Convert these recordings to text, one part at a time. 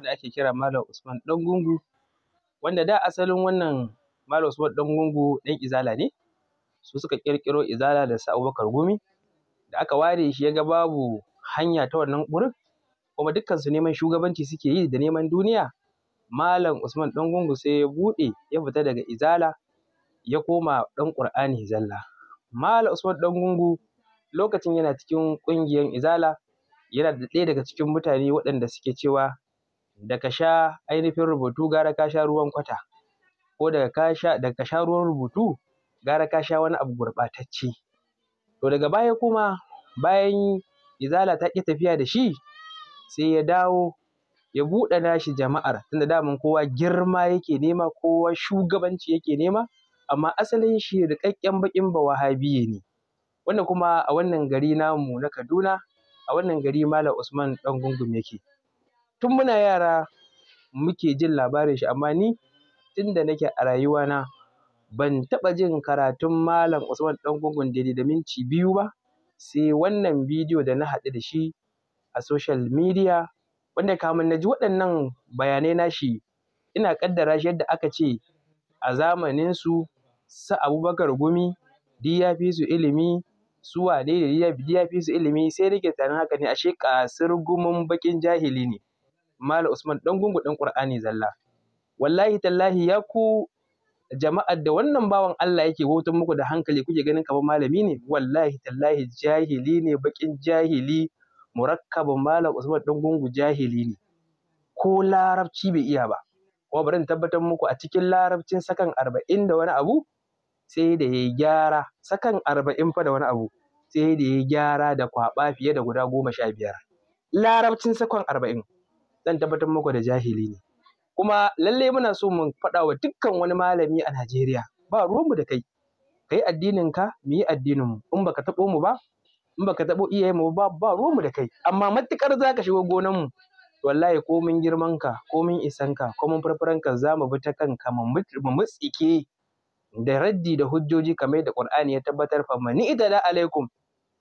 da ake kira Malam Usman Ɗangungu wanda da asalin wannan Malam Usman Ɗangungu ɗan Izala ne su suka ƙirƙiro Izala da su Abubakar Gumi da aka ware shi ya ga babu hanya ta wannan gurin kuma dukkansu neman shugabanci suke yi da neman duniya Malam Usman Ɗangungu sai ya buɗe ya fita daga Izala ya koma ɗan Ƙur'ani zalla Malam Usman Ɗangungu lokacin yana cikin ƙungiyar Izala yana da ɗaya daga cikin mutane waɗanda suke cewa da sha ainihin rubutu gara ka sha ruwan kwata ko daga ka sha daga sha ruwan rubutu gara ka sha wani abu gurɓatacce to daga baya kuma bayan izala ta ƙi tafiya da shi sai ya dawo ya buɗe nashi jama'ar tunda daman kowa girma yake nema kowa shugabanci yake nema amma asalin shi riƙaƙƙen baƙin bawahabiye ne wanda kuma a wannan gari namu na Kaduna a wannan gari Malam Usman ɗan gungun yake tun muna yara muke jin labarin shi amma ni tun da nake a rayuwana ban taɓa jin karatun Malam Usman ɗan gungun daidai da minti biyu ba sai wannan bidiyo da na haɗu da shi a social media wanda kamun na ji waɗannan bayanai nashi ina ƙaddara shi yadda aka ce a zamanin su su Abubakar Gumi duk ya fi su ilimi su wane ne ya fi su ilimi sai nake tunanin haka ne ashe kasar gumin baƙin jahili ne Malam Usman ɗan gungu ƙur'ani zalla wallahi tallahi ya ku jama'ar da wannan bawan Allah yake wautar muku da hankali kuke ganin kamar malami ne wallahi tallahi jahili ne baƙin jahili murakkabin Malam Usman Ɗangungu gungu jahili ne ko larabci bai iya ba kuma bari in tabbatar muku a cikin larabcin sakan arba'in da wani abu sai da ya gyara sakan arba'in fa da wani abu sai da ya gyara da kwaɓa fiye da guda goma sha biyar larabcin sakan arba'in zan tabbatar muku da jahili ne kuma lalle muna so mu faɗa wa dukkan wani malami a Najeriya ba ruwanmu da kai kai addinin ka mu yi addinin mu in baka taɓo mu ba in baka taɓo iyayen mu ba ba ruwanmu da kai amma matukar zaka shigo gonan mu wallahi ko mun girman ka ko mun isan ka ko mun farfaran ka za mu bi ta kanka mu mutsike da raddi da hujjoji kamar da Qur'ani ya tabbatar fa mani ida alaikum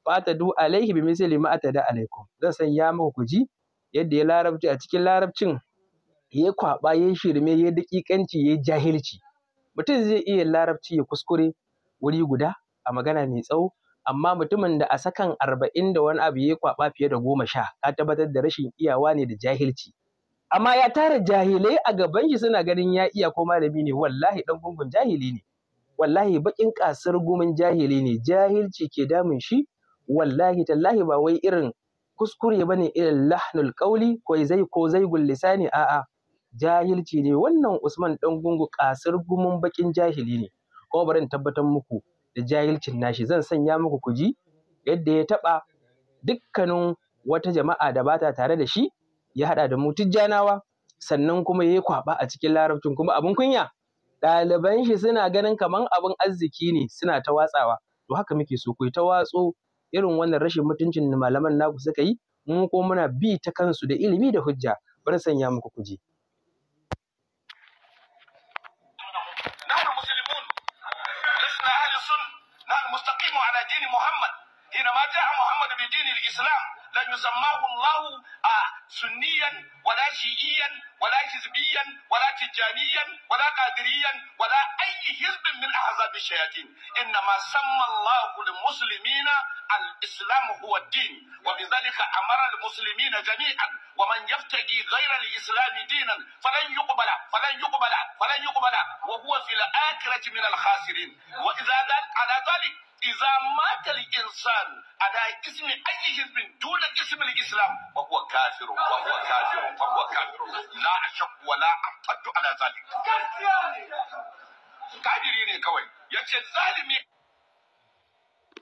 fa ta du alaihi bi misli ma ta da alaikum zan san ya muku ji? yadda ya larabci a cikin larabcin ya kwaɓa ya shirme ya daƙiƙanci ya jahilci mutum zai iya larabci ya kuskure wuri guda a magana mai tsawo amma mutumin da a sakan arba'in da wani abu ya kwaɓa fiye da goma sha ka tabbatar da rashin iyawa ne da jahilci amma ya tara jahilai a gaban shi suna ganin ya iya ko malami ne wallahi ɗan gungun jahili ne wallahi baƙin ƙasar gumin jahili ne jahilci ke damun shi wallahi tallahi ba wai irin kuskure bane irin lahnul qauli ko zai ko zai gul lisani a'a jahilci ne wannan Usman dan gungu kasar gumun bakin jahili ne kuma barin tabbatar muku da jahilcin nashi zan sanya muku ku yadda ya taɓa dukkanin wata jama'a da bata tare da shi ya haɗa da mu tijjanawa sannan kuma yayi yi kwaɓa a cikin larabcin kuma abin kunya ɗaliban shi suna ganin kaman abin arziki ne suna ta watsawa to haka muke so ku ta watso irin wannan rashin mutuncin da malaman naku suka yi mu ko muna bi ta kansu da ilimi da hujja bar sanya muku kuji على دين محمد حينما جاء محمد بدين الإسلام lan yusammahu Allah a sunniyan wala shi'iyan wala hizbiyan wala tijaniyan wala qadiriyan wala ayyi hizbin min ahzab shayatin inna ma samma Allah lil al islam huwa din wa bidhalika amara musulmina jami'an wa man yaftagi ghayra al islam dinan falan yuqbala falan yuqbala falan yuqbala wa huwa fil akhirati min khasirin wa idha ala dhalik iza matal insan ala ismi ayi hizbin islam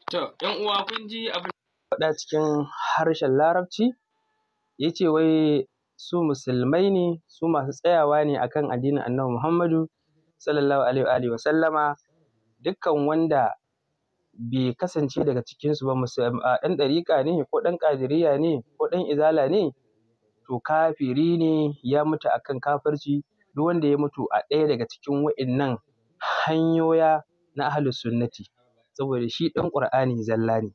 to yan uwa kun faɗa cikin harshen larabci ya ce wai su musulmai ne su masu tsayawa ne akan addinin annabi Muhammadu sallallahu alaihi wa sallama dukkan wanda bai kasance daga cikinsu ba ɗan ɗariƙa ne ko ɗan ƙadiriya ne ko ɗan izala ne to kafiri ne ya mutu akan kafirci duk wanda ya mutu a ɗaya daga cikin wa'innan hanyoya na ahlus sunnati saboda shi ɗan ƙur'ani zalla ne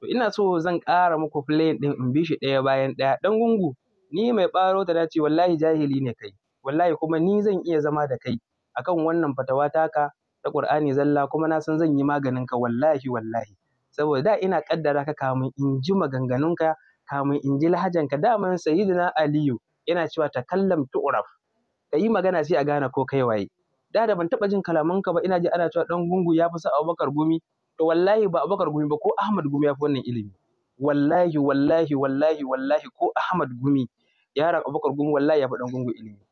to ina so zan ƙara muku plane ɗin in bi shi ɗaya bayan ɗaya ɗan gungu ni mai ɓaro ta ce, wallahi jahili ne kai wallahi kuma ni zan iya zama da kai akan wannan fatawa taka Ta ƙur'ani zalla kuma na san zan yi maganin ka wallahi wallahi saboda da ina kaddara ka kamun in ji maganganunka kamun in ji lahajanka daman sayyidina aliyu yana cewa takallam tu'raf ka yi magana sai a gane ko kai waye da da ban taba jin kalaman ka ba ina ji ana cewa dan gungu ya fi sa Abubakar Gumi to wallahi ba Abubakar Gumi ba ko Ahmad Gumi ya fi wannan ilimi wallahi wallahi wallahi wallahi ko Ahmad Gumi yaron Abubakar Gumi wallahi ya fi dan gungu ilimi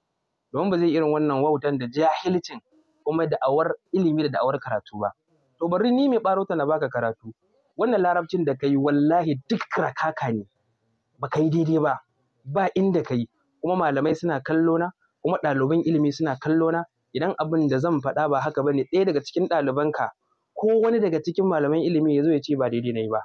domin ba zai irin wannan wautan da jahilcin kuma da'awar ilimi da da'awar karatu ba to bari ni mai ɓaro ta na baka karatu wannan larabcin da ka yi wallahi duk rakaka ne ba kai daidai ba ba inda kai kuma malamai suna kallo na kuma ɗaliban ilimi suna kallo na idan abin da zan faɗa ba haka ne ɗaya daga cikin ɗalibanka ko wani daga cikin malaman ilimi ya zo ya ce ba daidai na yi ba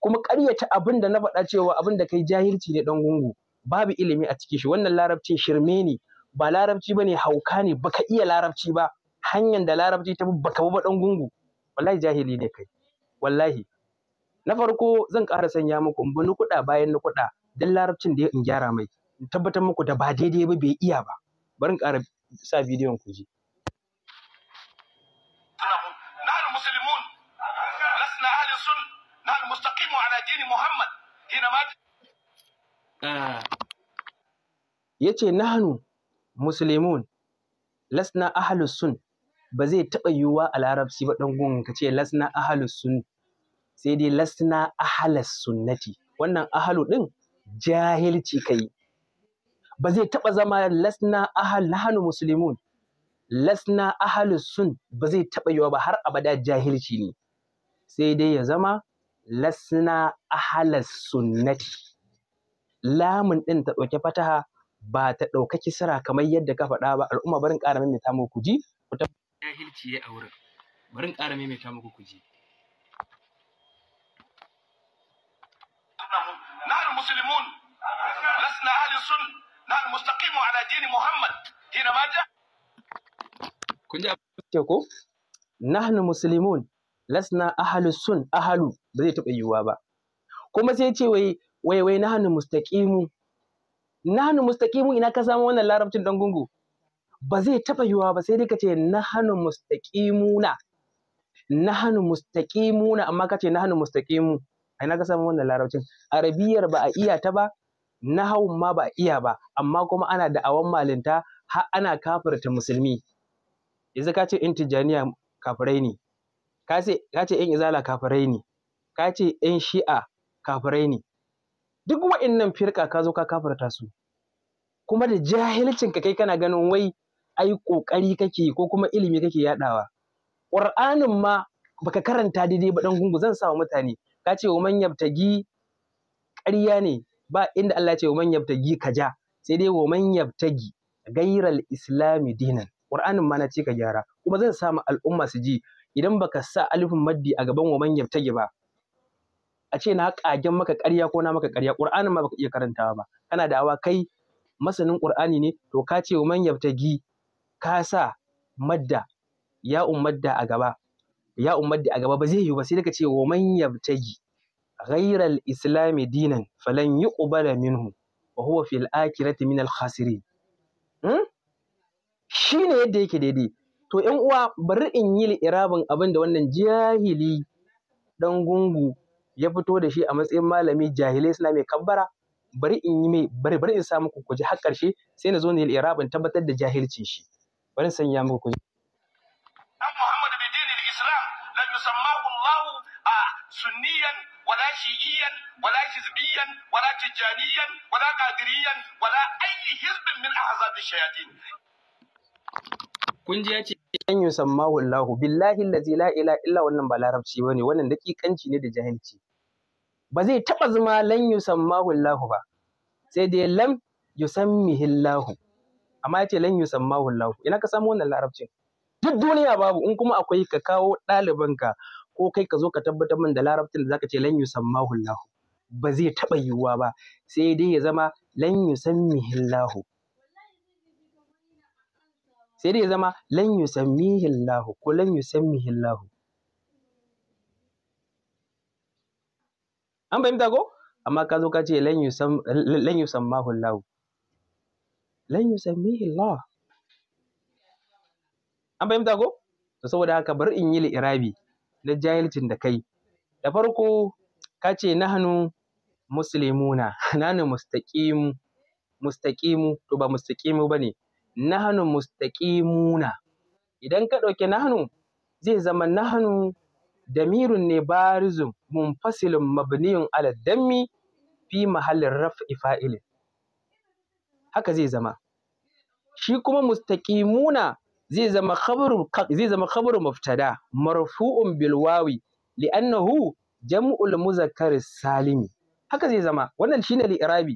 kuma ƙaryata abin da na faɗa cewa abin da kai jahilci ne ɗan gungu babu ilimi a cikin shi wannan larabcin shirme ne ba larabci bane hauka ne baka iya larabci ba hanyar da larabci ta baka ba dan gungu wallahi jahili ne kai wallahi na farko zan ƙara sanya muku in kuɗa bayan bayan kuɗa, dan larabcin da in gyara mai in tabbatar muku da ba daidai ba bai iya ba bari in ƙara sa bidiyon ku ji yace nahnu muslimun lasna ahlus sun ba zai taɓa yiwuwa a larabci ba ɗan gungun ka ce lasna ahalus sun sai dai lasna ahalus sunnati wannan ahalu ɗin jahilci kai ba zai taɓa zama lasna ahal nahanu musulmun lasna ahalus sun ba zai taɓa yiwuwa ba har abada jahilci ne sai dai ya zama lasna ahalus sunnati lamun ɗin ta ɗauki fataha ba ta ɗauka kisira kamar yadda ka faɗa ba al'umma barin ƙara mai ta ku ji ku jahilci ya a wurin bari in ƙara maimaita muku kuji نحن مسلمون لسنا أهل سن نحن مستقيم على دين محمد حينما جاء kun ko nahnu muslimun lasna ahlu sun ahlu ba zai taɓa yiwuwa ba kuma sai ce wai wai wai nahnu mustaqimu nahnu mustaqimu ina ka samu wannan larabcin dan gungu ba zai taɓa yiwuwa ba sai dai ka ce nahanu mustaqimuna nahanu mustaqimuna amma ka ce nahanu mustaqimu ai na ga samu wannan larabcin arabiyar ba a iya ta ba nahawun ma ba a iya ba amma kuma ana da awan malinta har ana kafirta musulmi yanzu ka ce in tijaniya kafirai ne ka ce in izala kafirai ne ka ce in shi'a kafirai ne duk wa'innan firka ka zo ka kafirta su kuma da jahilcin ka kai kana ganin wai ai ƙoƙari kake ko kuma ilimi kake yaɗawa. Ƙur'anin ma baka karanta daidai ba ɗan gungu zan sa wa mutane ka ce wa man yabtagi ƙarya ne ba inda Allah ya ce wa man yabtagi kaja sai dai wa man yabtagi gairal islami dinan ƙur'anin ma na ce ka gyara kuma zan ma al'umma su ji idan baka sa alifin maddi a gaban wa man yabtagi ba a ce na ƙagen maka ƙarya ko na maka ƙarya ƙur'anin ma baka iya karantawa ba kana da awa kai masanin ƙur'ani ne to ka ce wa man yabtagi ka sa madda ya madda a gaba ya madda a gaba ba zai yiwu ba sai daga ce wa man yabtagi ghairal islami dinan falan yuqbala minhu wa huwa fil akhirati minal khasirin hmm? shine yadda yake daidai to ƴan uwa bari in yi irabin abin da wannan jahili dan gungu ya fito da shi a matsayin malami jahilai suna mai kabbara bari in yi mai bari bari in ku ji har ƙarshe sai na zo ne irabin tabbatar da jahilcin shi bari san ya muku kuji dan muhammad bi dinil islam la yusammahu allah sunniyan wala shi'iyan wala hizbiyan wala tijaniyan wala qadiriyan wala ayi hizbin min ahzab shayatin kun ji ce dan yusammahu allah billahi allazi la ilaha illa wannan ba larabci bane wannan dakikanci ne da jahilci ba zai taba zama lan yusammahu allah ba sai dai lam yusammihi allah amma ya ce lan yusammahu Allah ina ka samu wannan larabcin duk duniya babu in kuma akwai ka kawo ɗalibanka ko kai ka zo ka tabbatar min da larabcin da zaka ce lan yusammahu Allah ba zai taɓa yiwuwa ba sai dai ya zama lan yusammihi Allah sai dai ya zama lan yusammihi Allah ko lan yusammihi Allah an fahimta ko amma ka zo ka ce lan yusammahu Allah lan yusammihi Allah an fahimta ko to saboda haka bar in yi la'irabi na jahilcin da kai da farko ka ce nahnu muslimuna nahnu mustaqimu mustaqimu to ba mustaqimu bane nahnu mustaqimuna idan ka ɗauki nahnu zai zama nahnu damirun ne barizum munfasilun mabniyun ala dammi fi mahallin raf'i fa'ilin haka zai zama shi kuma mustaqimuna zai zama khabaru zai zama khabaru mubtada marfu'un bil wawi li'annahu jam'ul muzakkar salimi haka zai zama wannan shine li'irabi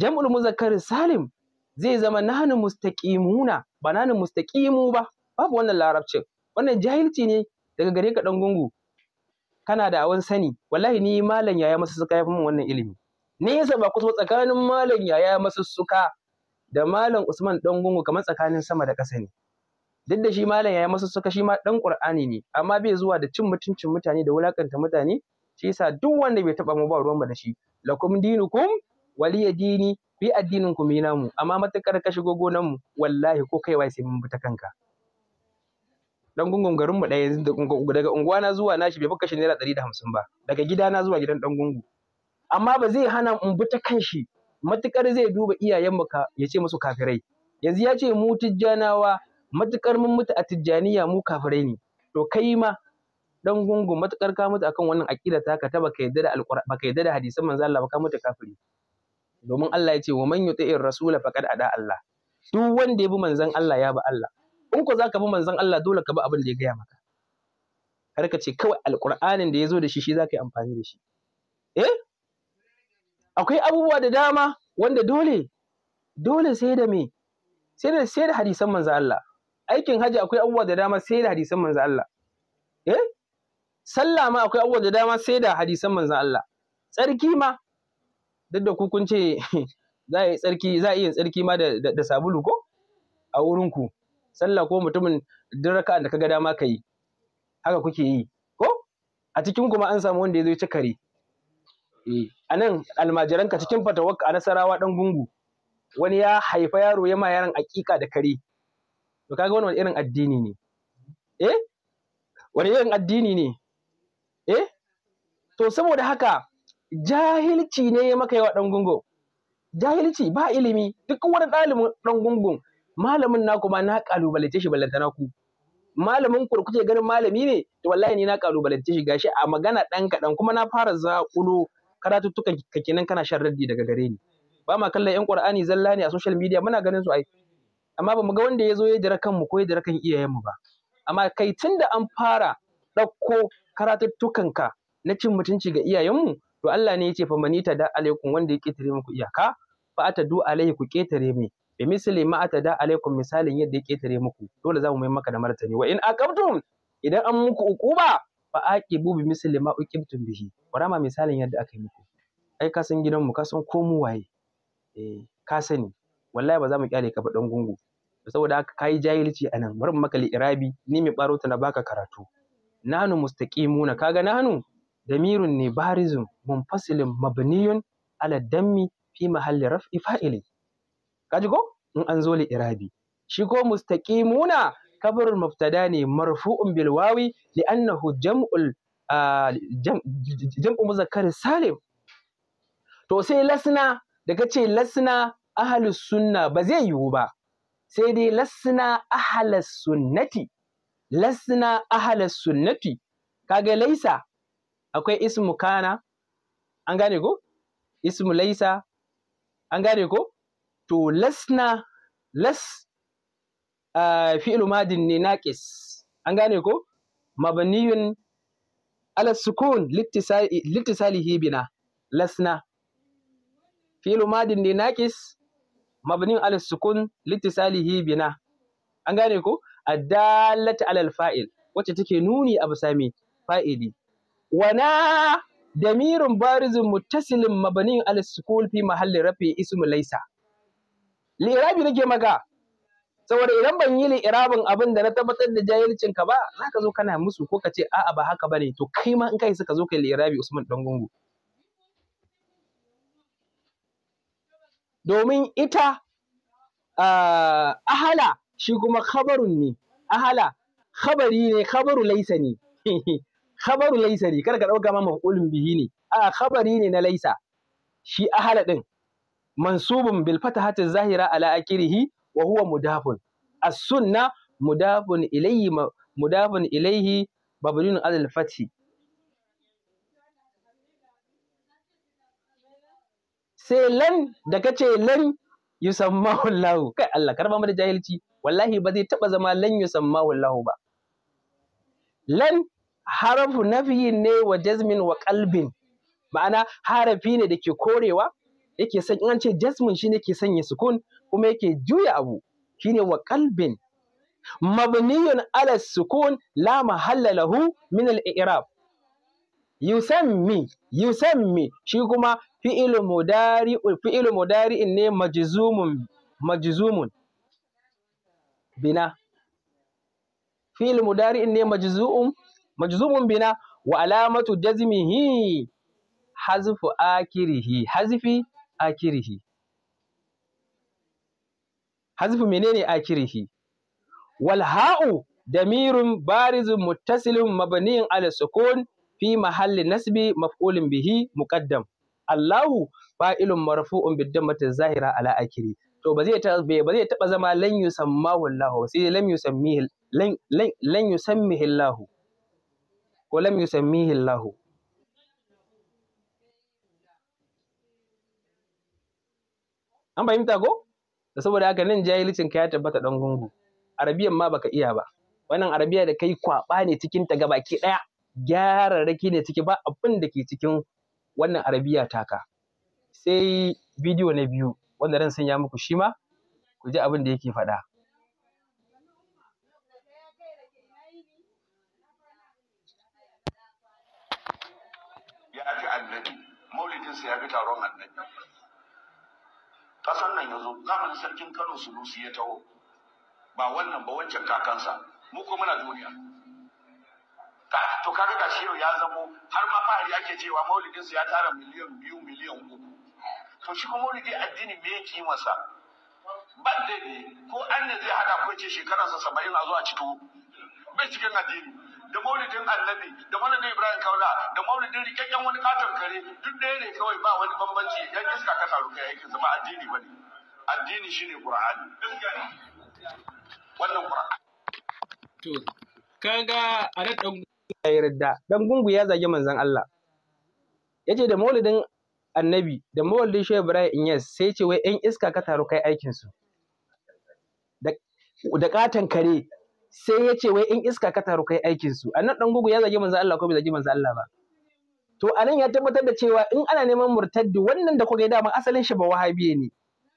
jam'ul muzakkar salim zai zama nahnu mustaqimuna ba nahnu mustaqimu ba babu wannan larabcin wannan jahilci ne daga gare ka dan gungu kana da awan sani wallahi ni malam yaya masa suka yafi min wannan ilimi nesa ba kusa tsakanin malam yaya masussuka da malam Usman dan gungu kamar tsakanin sama da ƙasa ne duk da shi malam yaya masussuka shi ma dan Qur'ani ne amma bai zuwa da cin mutuncin mutane da wulakanta mutane shi yasa duk wanda bai taba mu ba ruwan mu da shi lakum dinukum waliya dini bi addinin ku mina mu amma matakar ka shigo gonan mu wallahi ko kai wai sai mun buta kanka dan gungun garin mu ɗaya daga unguwana zuwa nashi bai baka kashe naira ɗari da ba daga gidana zuwa gidan dan gungu amma ba zai hana in bi ta kan shi matukar zai duba iyayen mu ya ce musu kafirai yanzu ya ce mu tijjanawa matukar mun mutu a tijjaniya mu kafirai ne to kai ma dan gungun matukar ka mutu akan wannan aqida ka ta baka yadda da alqur'ani baka yadda da hadisan manzo Allah baka mutu kafiri domin Allah ya ce wa man yuti'ir rasula faqad ada Allah duk wanda ya bi manzon Allah ya bi Allah in ko zaka bi manzon Allah dole ka bi abin da ya gaya maka har ka ce kawai alqur'anin da ya zo da shi shi zaka yi amfani da shi eh akwai abubuwa da dama wanda dole dole sai da me sai da sai da hadisan manzo Allah aikin haji akwai abubuwa da dama sai da hadisan manzo Allah eh sallah ma akwai abubuwa da dama sai da hadisan manzo Allah tsarki ma duk da ku kun ce za a yi tsarki za a iya tsarki ma da, da, da sabulu ko a wurin ku sallah ko mutumin duk raka'a da kaga dama ka yi haka kuke yi ko a cikin kuma an samu wanda ya zo ya ci kare Mm. a nan almajiranka cikin fatawa a nasarawa dan gungu wani ya haifa yaro ya ma yaron aƙiƙa da kare to kaga wani irin addini ne eh wani irin addini ne eh to saboda haka jahilci ne ya maka yawa dan gungu jahilci ba ilimi duk wani ɗalibin dan gungun malamin naku ma na kalubalance shi ballanta naku malamin ku kuke ganin malami ne to wallahi ni na kalubalance shi gashi a magana ɗan kaɗan kuma na fara zaƙulo karatuttukan ka kenan kana shan raddi daga gare ni ba ma kallon yan qur'ani zalla ne a social media muna ganin su ai amma ba mu ga wanda ya zo ya dira kanmu ko ya dira kan iyayenmu ba amma kai tunda an fara ɗauko ka na cin mutunci ga iyayenmu to Allah ne ya ce fa manita da alaikum wanda ya ketare muku iyaka fa atadu alaihi ku ketare mai bi misli ma atada alaikum misalin yadda ya ketare muku dole za mu mai maka da martani wa in aqabtum idan an muku uquba fa a bi misli ma uqibtum bihi kurama misalin yadda aka yi muku ai ka san gidanmu ka san ko mu waye eh ka sani wallahi ba za mu kyale ka ba dan gungu saboda haka kai jahilci anan bari mu maka li'irabi ni mai baro ta na baka karatu nanu mustaqimuna kaga nanu damirun ne barizun munfasilin mabniyun ala dammi fi mahalli raf'i fa'ili kaji ko in an zo irabi shi ko mustaqimuna khabarul mubtada ne marfu'un bil wawi li'annahu jam'ul jam'u muzakkar salim to sai lasna da kace lasna ahlus sunna ba zai yiwu ba sai dai lasna ahlus sunnati lasna ahlus sunnati kaga laisa akwai ismu kana an gane ko ismu laisa an gane ko to lasna las fi'lu madin ne naqis an gane ko mabniyun ala sukun littisalihi bina lasna fi'lu madin ne naqis mabniyun ala sukun littisalihi bina an gane ko addallata ala fa'il wacce take nuni a bisa me fa'ili wana damirun barizun muttasilin mabniyun ala sukun fi mahalli rafi ismu laisa lirabi nake maka saboda idan ban yi irabin abin da na tabbatar da jahilcin ka ba za ka zo kana musu ko ka ce a'a ba haka bane to kai ma in kai suka zo kai irabi Usman dan domin ita ah, ahala shi kuma khabarun ne ahala khabari ne khabaru laisa ne khabaru laisa ne kada ka dauka ma maf'ulun bihi ne a khabari ne na laisa shi ahala din mansubun bil fatahati zahira ala akirihi wa huwa mudafun as-sunna mudafun ilayhi mudafun ilayhi alal fathi sai lan da kace lan yusammahu Allah kai Allah karba mu da jahilci wallahi ba zai taba zama lan yusammahu Allah ba lan harafu nafiyin ne wa jazmin wa qalbin ma'ana harafi ne da ke korewa yake san in an ce jasmun shine ke sanya sukun kuma yake juya abu shine wa ƙalbin. mabniyun ala sukun la mahalla lahu min al-i'rab yusammi yusammi shi kuma fi'il mudari fi'il in ne majzumun majzumun bina fi'il in ne majzu'un majzumun bina wa alamatu jazmihi hazfu akirihi hazfi akirihi hazfu menene akirihi wal ha'u damirun barizun muttasilun mabniyin ala sukun fi mahalli nasbi maf'ulun bihi muqaddam Allahu fa'ilun marfu'un biddammatin zahira ala akiri to ba zai ba taba zama lan yusammahu Allahu sai lam yusammihi lan lan yusammihi Allahu ko lam yusammihi Allahu an fahimta ko da saboda haka nan jahilcin ka ya tabbata dan gungu arabiyan ma baka iya ba wannan arabiya da kai kwaba ne cikin ta gabaki daya gyararraki ne ciki ba abin da ke cikin wannan arabiya taka sai bidiyo na biyu wanda ran sanya muku shi ma ku ji abin da yake faɗa ya fi annabi maulidinsa ya fi taron kasan nan ya zo zamanin sarkin kano sunusi ya taho ba wannan ba wancan kakansa mu ko muna duniya to kaga ga yau ya zamo har ma fahari ake cewa maulidinsa ya tara miliyan biyu miliyan uku to shi kuma maulidi addini me yake masa ban da ko an ne zai hada ko ce saba'in a zuwa bai cikin addini da maulidin annabi da maulidin ibrahim kaula da maulidin rikakken wani katon kare duk ɗaya ne kawai ba wani bambanci yan iska ka taru kai aikin zama addini bane addini shine qur'ani wannan qur'ani to kaga a nan dan ya yarda dan gungu ya zagi manzon Allah yace da maulidin annabi da maulidin shehu ibrahim yes sai ce wai yan iska ka taru kai aikin su da katon kare sai ya ce wai in iska ka taru kai aikin su annan dan gugu ya zagi manzo Allah ko bai zagi manzo Allah ba to anan ya tabbatar da cewa in ana neman murtaddi wannan da kuka dama asalin shi ba wahabiye ne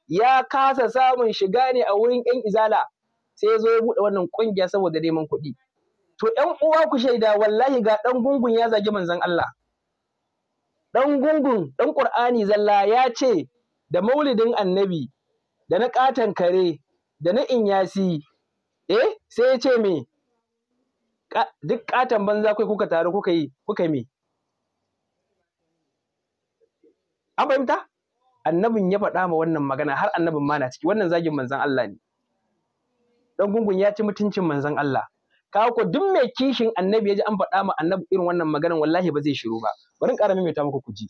ya kasa samun shiga ne a wurin yan izala sai ya zo ya buɗe wannan kungiya saboda neman kuɗi to ƴan uwa ku shaida wallahi ga dan gungun ya zagi manzon Allah dan gungun dan ƙur'ani, zalla ya ce da maulidin annabi da na katan kare da na inyasi eh sai ya ce me duk katon banza kai kuka taru kuka yi kuka me an fahimta annabin ya faɗa ma wannan magana har annabin ma na ciki wannan zagin manzon Allah ne dan gungun ya ci mutuncin manzon Allah kawo ko duk mai kishin annabi ya ji an faɗa ma annabi irin wannan maganar wallahi ba zai shiru ba bari in ƙara ta muku kuji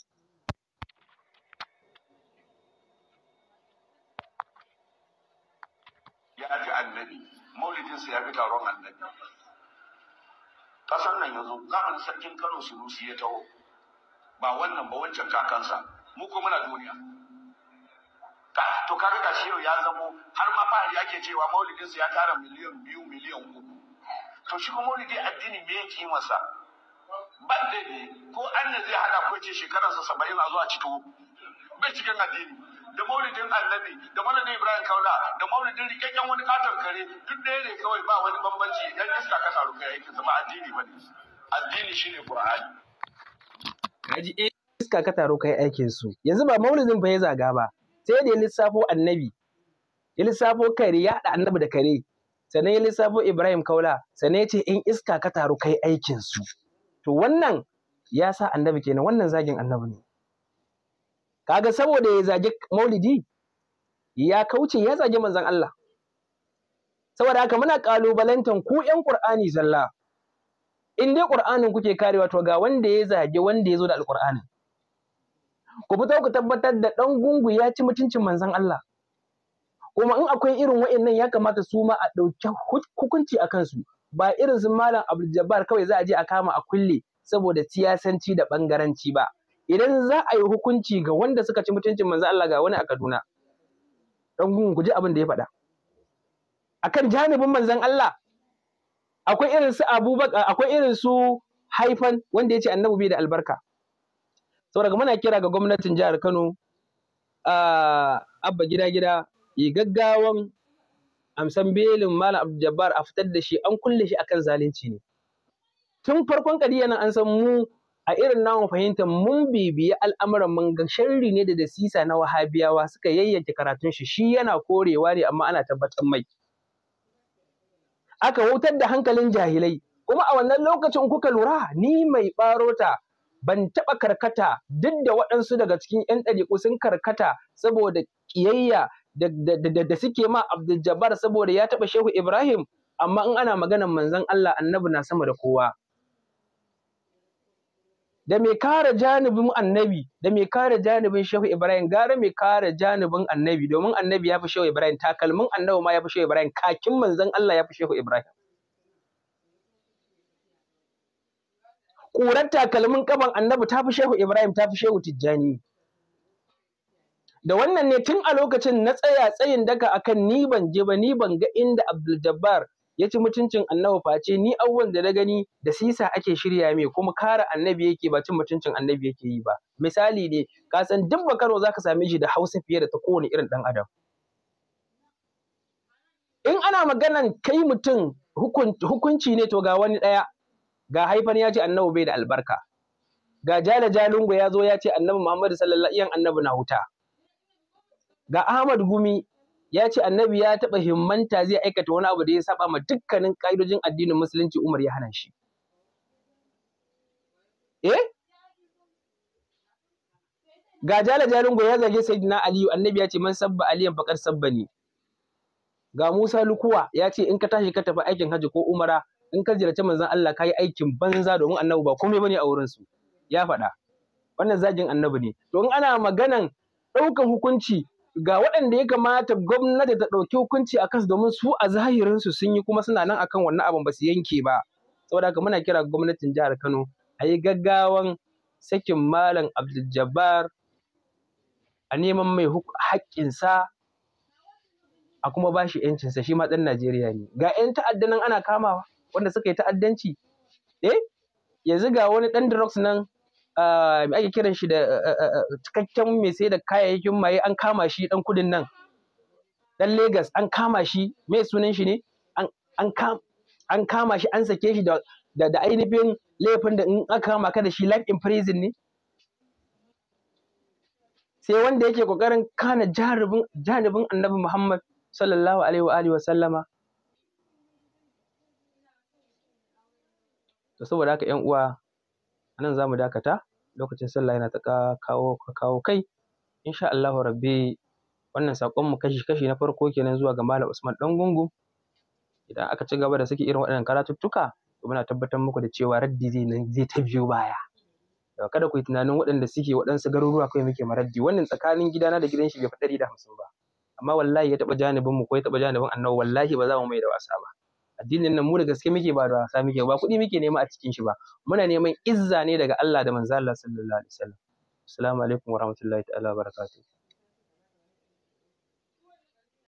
ya ji annabi su ya fi taron annabi kasan nan yanzu a sarkin kano su sunusi ya taho ba wannan ba wancan kakansa mu ko muna duniya to ka ga yau ya zamo har ma fahari ake cewa maulidin ya tara miliyan biyu miliyan uku to shi kuma maulidi addini me yake masa ban da ne ko an zai hada ko ce saba'in a zuwa bai cikin addini da maulidin annabi da maulidin ibrahim kaula da maulidin rikakken wani katon kare duk ɗaya ne kawai ba wani bambanci idan iska ka saru kai yake zama addini bane addini shine qur'ani kaji eh iska ka taro kai aikin su yanzu ba maulidin ba ya zaga ba sai da lissafo annabi ya lissafo kare ya haɗa annabi da kare sannan ya lissafo ibrahim kaula sannan ya ce in iska ka taro kai aikin su to wannan ya sa annabi kenan wannan zagin annabi ne kaga saboda ya zage maulidi ya kauce ya zage manzon Allah saboda haka muna kalubalantan ku ƴan Qur'ani zalla in dai Qur'anin kuke karewa to ga wanda ya zage wanda ya zo da Alƙur'ani ku fito ku tabbatar da dan gungu ya ci mutuncin manzon Allah kuma in akwai irin wa'annan ya kamata su ma a ɗauki hukunci a kansu ba irin su malam Abdul Jabbar kawai za a je a kama a kulle saboda siyasanci da bangaranci ba idan za a yi hukunci ga wanda suka ci mutuncin manzo Allah ga wani a Kaduna dan gun guji abin da ya faɗa akan janibin manzon Allah akwai irin su Abubakar akwai irin su Haifan wanda ya ce annabi bai da albarka saboda muna kira ga gwamnatin jihar Kano abba gida gida yi gaggawan amsan belin malam Abdul Jabbar a fitar da shi an kulle shi akan zalunci ne tun farkon kadiya nan an san mu a irin namu fahimtar mun bibiyi al'amuran mun ga sharri ne da dasisa na wahabiyawa suka yayyanke karatun shi shi yana korewa ne amma ana tabbatar mai aka wutar da hankalin jahilai kuma a wannan lokacin kuka lura ni mai barota ban taɓa karkata duk da waɗansu daga cikin 'yan ɗariƙu sun karkata saboda ƙiyayya da suke ma Abdul saboda ya taɓa Shehu Ibrahim amma in ana maganar manzon Allah annabi na sama da kowa da mai kare janibin annabi da mai kare janibin shehu ibrahim gara mai kare janibin annabi domin annabi ya fi shehu ibrahim takalmin annabi ma ya fi shehu ibrahim kakin manzon allah ya fi shehu ibrahim ƙurar takalmin kaban annabi ta fi shehu ibrahim ta fi shehu tijjani da wannan ne tun a lokacin na tsaya tsayin daka akan ni ban je ba ni ban ga inda abdul jabbar ya ci mutuncin annabi face ni abubuwan da na gani da sisa ake shirya mai kuma kare annabi yake ba cin mutuncin annabi yake yi ba misali ne ka san duk bakaro zaka same shi da hausa fiye da ta kowane irin dan adam in ana maganan kai mutum hukunci ne to ga wani ɗaya ga haifan ya ce annabi bai da albarka ga jala jalungu ya zo ya ce annabi muhammadu sallallahu alaihi annabi na huta ga ahmad gumi ya ce annabi ya taɓa himmanta zai aikata wani abu da ya saba ma dukkanin ƙa'idojin addinin musulunci Umar ya hana shi. Eh? Ga jala jalingo ya zage Sayyidina Aliyu annabi ya ce man sabba aliyan faƙar sabba ne. Ga Musa Lukuwa ya ce in ka tashi ka tafi aikin haji ko umara in ka ziyarci manzon Allah ka yi aikin banza domin annabi ba komai bane a su Ya faɗa. Wannan zagin annabi ne. To in ana maganan ɗaukan hukunci ga waɗanda ya kamata gwamnati ta ɗauki hukunci a kansu domin su a zahirinsu sun yi kuma suna nan akan wannan abin ba su yanke ba saboda haka muna kira gwamnatin jihar Kano a yi gaggawan sakin malam Abdul Jabbar a neman mai haƙƙinsa a kuma ba shi ‘yancinsa shi ma ɗan Najeriya ne. Ga ‘yan ta'adda ana kamawa wanda suka yi ta'addanci. Eh, yanzu ga wani ɗan drugs nan ake kiran shi da eh, eh, eh, cikakken mai sai da kayayyakin maye an kama shi dan kudin nan dan Legas an kama shi mai sunan shi ne an kama shi an sake shi da da ainihin laifin da in aka kama ka da shi life in prison ne sai wanda yake kokarin kana jaribin janibin annabi Muhammad sallallahu alaihi wa alihi wa sallama saboda haka ƴan uwa nan zamu dakata lokacin sallah yana ta kawo ka kawo kai insha Allahu rabbi wannan saƙonmu kashi kashi na farko kenan zuwa ga Malam Usman dan gungu idan aka ci gaba da saki irin waɗannan karatuttuka to muna tabbatar muku da cewa raddi zai zai ta biyo baya kada ku yi tunanin waɗanda suke waɗansu garuruwa kai muke maraddi wannan tsakanin gidana da gidan shi bai fi 150 ba amma wallahi ya taɓa janibin mu ko ya taɓa janibin annabi wallahi ba za mu mai da wasa ba addinin nan mu da gaske muke ba da sa muke ba kuɗi muke nema a cikin shi ba muna neman izza ne daga Allah da manzo Allah sallallahu alaihi wasallam assalamu alaikum warahmatullahi ta'ala barakatuh